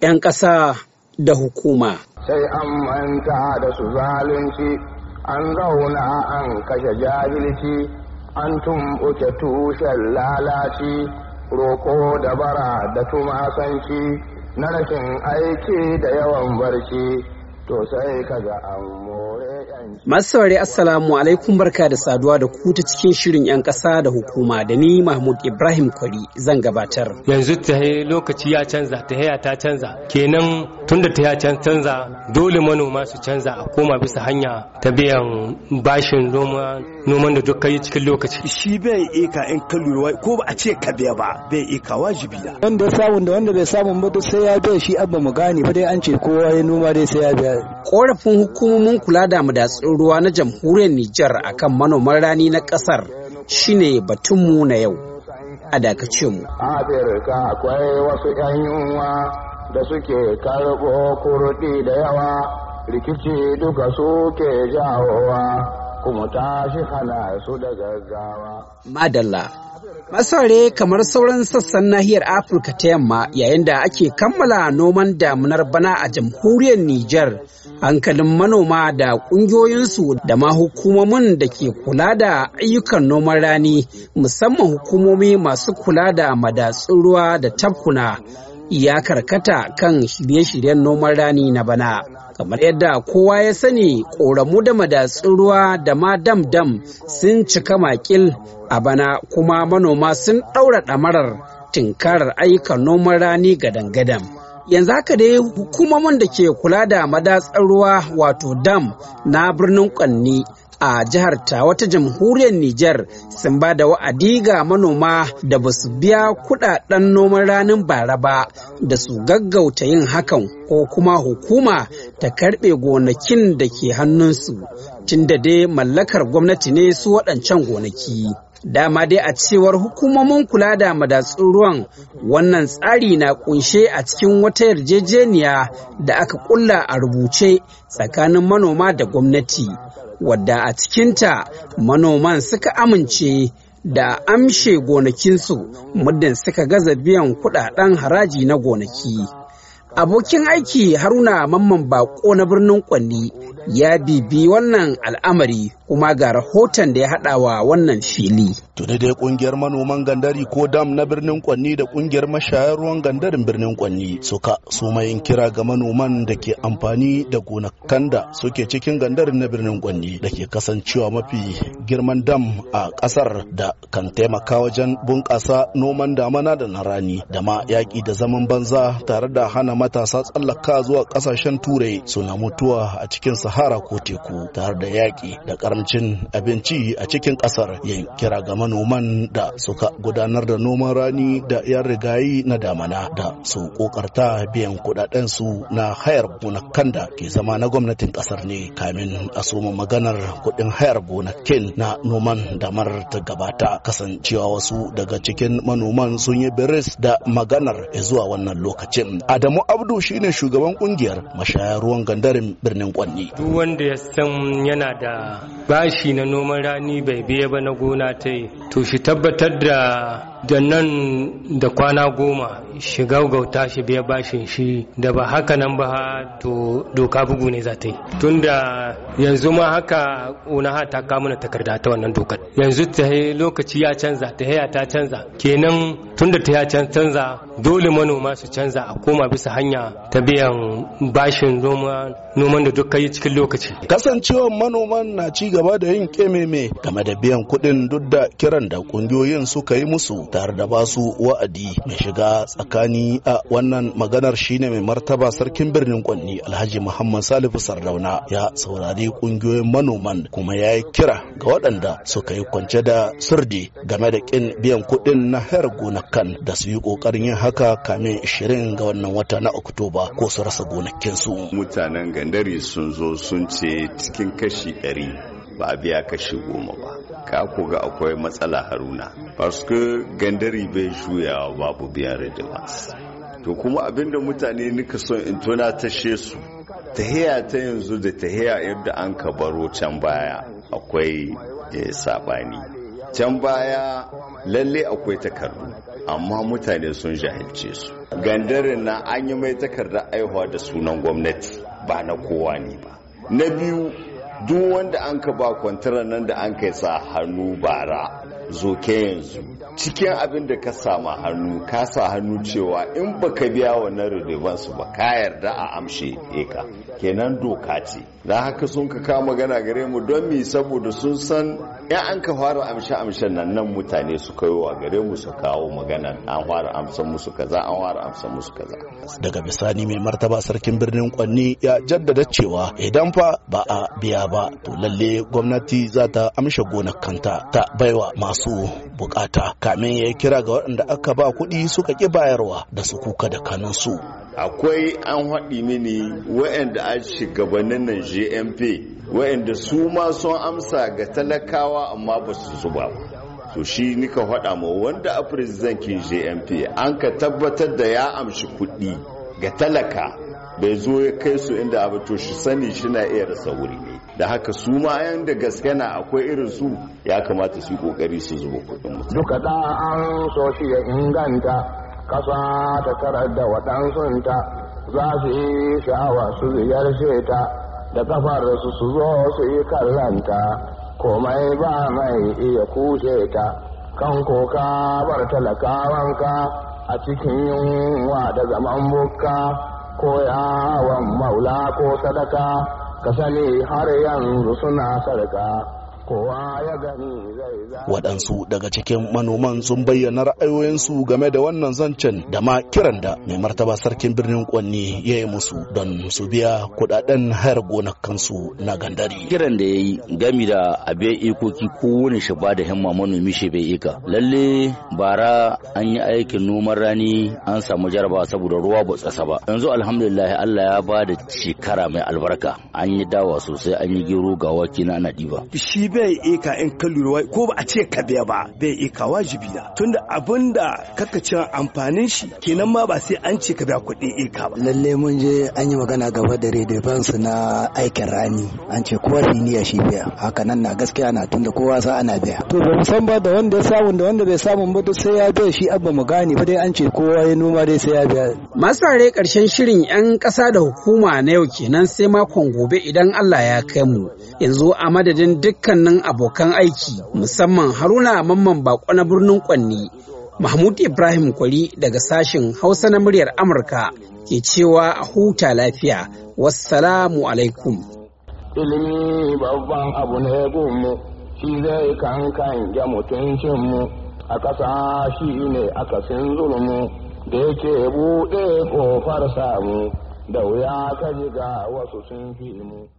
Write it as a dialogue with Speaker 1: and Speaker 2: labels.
Speaker 1: 'yan ƙasa da hukuma.
Speaker 2: Sai an manta da su zalunci, an zauna an kashe jahilci, an tumɓuke tushen lalaci, roƙo da bara da tumasanci, na rashin aiki da yawan barci, to sai kaga an
Speaker 1: Masu saurari Assalamu alaikum barka da saduwa da ku ta cikin shirin 'yan ƙasa da hukuma da ni Mahmud Ibrahim Kwari zan gabatar. Yanzu ta lokaci ya canza, ta ta canza. Kenan tunda ta canza dole manoma su canza a koma bisa hanya ta biyan bashin noma noman da duk kai cikin lokaci shi bai ika in ka lura ko ba a ce ka biya ba bai ika wajibi da wanda ya samu da wanda bai samu ba duk sai ya biya shi abba mu gane ba dai an ce kowa ya noma dai sai ya biya korafin hukumomin kula da madatsun ruwa na jamhuriyar Nijar akan manoman rani na kasar shine batunmu na yau a dakace mu
Speaker 2: Afirka akwai wasu 'yan yunwa da suke karɓo kurɗi da yawa rikici duka suke jawowa kuma shi hana su da gaggawa.
Speaker 1: Madalla. Masare kamar sauran sassan nahiyar Afirka ta yamma yayin da ake kammala noman damunar bana a jamhuriyar Nijar, hankalin manoma da ƙungiyoyinsu da ma hukumomin da ke kula da ayyukan noman rani musamman hukumomi masu kula da madatsun ruwa da tafkuna ya karkata kan shirye-shiryen noman rani na bana kamar yadda kowa ya sani ƙoramu da madatsun ruwa da ma dam-dam sun cika makil a bana kuma manoma sun ɗaura ɗamarar tinkarar ayyukan noman rani gadan-gadan yanzu haka dai hukumomin da ke kula da madatsar ruwa wato dam na birnin kwanni a jihar ta wata jamhuriyar Nijar sun ba da wa'adi ga manoma da ba su biya kudaden noman ranin bara ba da su gaggauta yin hakan ko kuma hukuma ta karbe gonakin da ke hannunsu tun da dai mallakar gwamnati ne su waɗancan gonaki. Dama dai a cewar hukumomin kula da madatsun ruwan wannan tsari na kunshe a cikin wata yarjejeniya da aka kulla a rubuce tsakanin manoma da gwamnati, wadda a cikinta manoman suka amince da amshe gonakinsu muddin suka gaza biyan kudaden haraji na gonaki. Abokin aiki Haruna Mamman Bako na birnin Kwanni ya bibi wannan al'amari kuma ga rahoton da ya haɗa wa wannan fili. Tuni dai kungiyar manoman
Speaker 3: gandari ko dam na birnin Kwanni da ƙungiyar mashayar ruwan gandarin birnin Kwanni suka su mayin kira ga manoman da ke amfani da gonakan da suke cikin gandarin na birnin Kwanni da ke kasancewa mafi girman dam a ƙasar da kan taimaka wajen bunƙasa noman damana da na rani da ma yaƙi da zaman banza tare da hana matasa tsallaka zuwa ƙasashen turai suna mutuwa a cikin sahara ko teku tare da yaƙi da karamcin abinci a cikin kasar ya kira ga manoman da suka gudanar da noman rani da yan rigayi na damana da su kokarta biyan kudaden su na hayar gonakan da ke zama na gwamnatin kasar ne kamin a soma maganar kudin hayar gonakin na noman damar ta gabata kasancewa wasu daga cikin manoman sun yi biris da maganar zuwa wannan lokacin adamu abdu shine shugaban kungiyar mashaya ruwan gandarin birnin kwanni
Speaker 1: duk wanda ya san yana da bashi na noman rani bai biya ba na gona ta yi to shi tabbatar da nan da kwana goma shi gaugauta shi biya bashin shi da ba haka nan ba to doka bugu ne za ta yi tunda yanzu ma haka unaha ta kamuna takarda ta wannan dokar yanzu ta lokaci ya canza ta haya ta canza kenan tunda ta ya canza dole manoma su canza a koma bisa hanya ta biyan bashin noman da duk yi cikin lokaci kasancewar manoman
Speaker 3: na ci gaba da yin kememe game da biyan kuɗin duk da kiran da kungiyoyin suka yi musu tare da basu wa'adi mai shiga tsakanin tsakani a wannan maganar shine mai martaba sarkin birnin Kwanni Alhaji Muhammad Salifu Sardauna ya saurari kungiyoyin manoman kuma ya yi kira ga waɗanda suka yi kwance da sirdi game da kin biyan kuɗin na hayar gonakan da su yi ƙoƙarin yin haka kamin ishirin ga wannan wata na Oktoba ko su rasa gonakinsu.
Speaker 4: Mutanen gandari sun zo sun ce cikin kashi ɗari ba a biya kashi goma ba ka ku ga akwai matsala haruna paske gandari bai shuyawa babu biyan redivas to kuma abinda mutane nika son in tona tashe su tahiya ta yanzu da tahiya yadda an ka baro can baya akwai eh, sabani can baya lalle akwai takardu amma mutane sun jahilce su gandarin na an yi mai takardar aihuwa da sunan gwamnati ba na kowa ne ba na biyu duk wanda an ka ba kwantarar nan da an kai sa hannu bara zoke yanzu cikin abin da ka sama hannu ka sa hannu cewa in ba ka biya wannan redevance ba ka yarda a amshe eka kenan doka ce na haka sun ka kama magana gare mu don mi saboda sun san ya an ka fara amshe amshen nan nan mutane su kai wa gare mu su kawo magana an fara amsa musu kaza an fara amsa musu kaza
Speaker 3: daga bisani mai martaba sarkin birnin kwanni ya jaddada cewa idan fa ba a biya ba to lalle gwamnati za ta amshe gonar kanta ta baiwa masu bukata kamin ya yi kira ga waɗanda aka ba kuɗi suka ƙi bayarwa da su kuka da kanansu. akwai
Speaker 4: an haɗi mini waɗanda a shugabannin nan gmp waɗanda su ma sun amsa ga talakawa amma ba su zuba ba to shi nika haɗa ma wanda a firzidankin GMP an ka tabbatar da ya amshi kuɗi ga talaka bai zo ya kai su inda abu to shi sani shi na iya rasa wuri ne da haka su ma yan da gaske na akwai irin su ya kamata su yi kokari su zuba kudin
Speaker 2: mutum duka da an so shi ya inganta kasa ta karar da waɗansunta za su yi sha'awa su ziyarce ta da kafar su su zo su yi kallanta komai ba mai iya kushe ta kan koka bar talakawanka a cikin yunwa da zaman bukka ko yawon maula ko sadaka ka sani har yanzu suna sarka
Speaker 3: waɗansu daga cikin manoman sun bayyana ra'ayoyinsu game da wannan zancen da ma kiran da mai martaba sarkin birnin kwanni ya yi musu don su biya kuɗaɗen hayar gonakansu na gandari kiran da ya yi gami da abin ikoki kowane shi ba da himma manomi shi bai ika lalle bara an yi aikin noman rani an samu jaraba saboda ruwa ba tsasa ba yanzu alhamdulillah allah ya ba da shekara mai albarka an yi dawa sosai an yi gero ga wakina na ana ɗiba shi bai ika in ka lura ko ba a ce ka biya ba bai ika wajibi na tunda abin da kaka cin amfanin shi kenan ma ba sai an ce ka biya kuɗin ika ba lalle mun je an yi magana gaba da redefense na aikin rani an ce kowa siniya shi biya haka nan na gaskiya na tunda kowa sa ana biya to ba san
Speaker 1: ba da wanda ya samu da wanda bai samu ba sai ya biya shi abba mu gane ba dai an ce kowa ya noma dai sai ya biya masu rare karshen shirin yan ƙasa da hukuma na yau kenan sai makon gobe idan Allah ya kai mu yanzu a madadin dukkan tsakanin abokan aiki musamman haruna mamman bako na birnin kwanni mahmud ibrahim kwari daga sashen hausa na muryar amurka ke cewa a huta lafiya wassalamu alaikum
Speaker 2: ilimi babban abu ne gunmu shi zai kankan ya mutuncinmu a ƙasa shi ne akasin zulmu da yake buɗe ƙofar samu da wuya ka ji ga wasu sun fi mu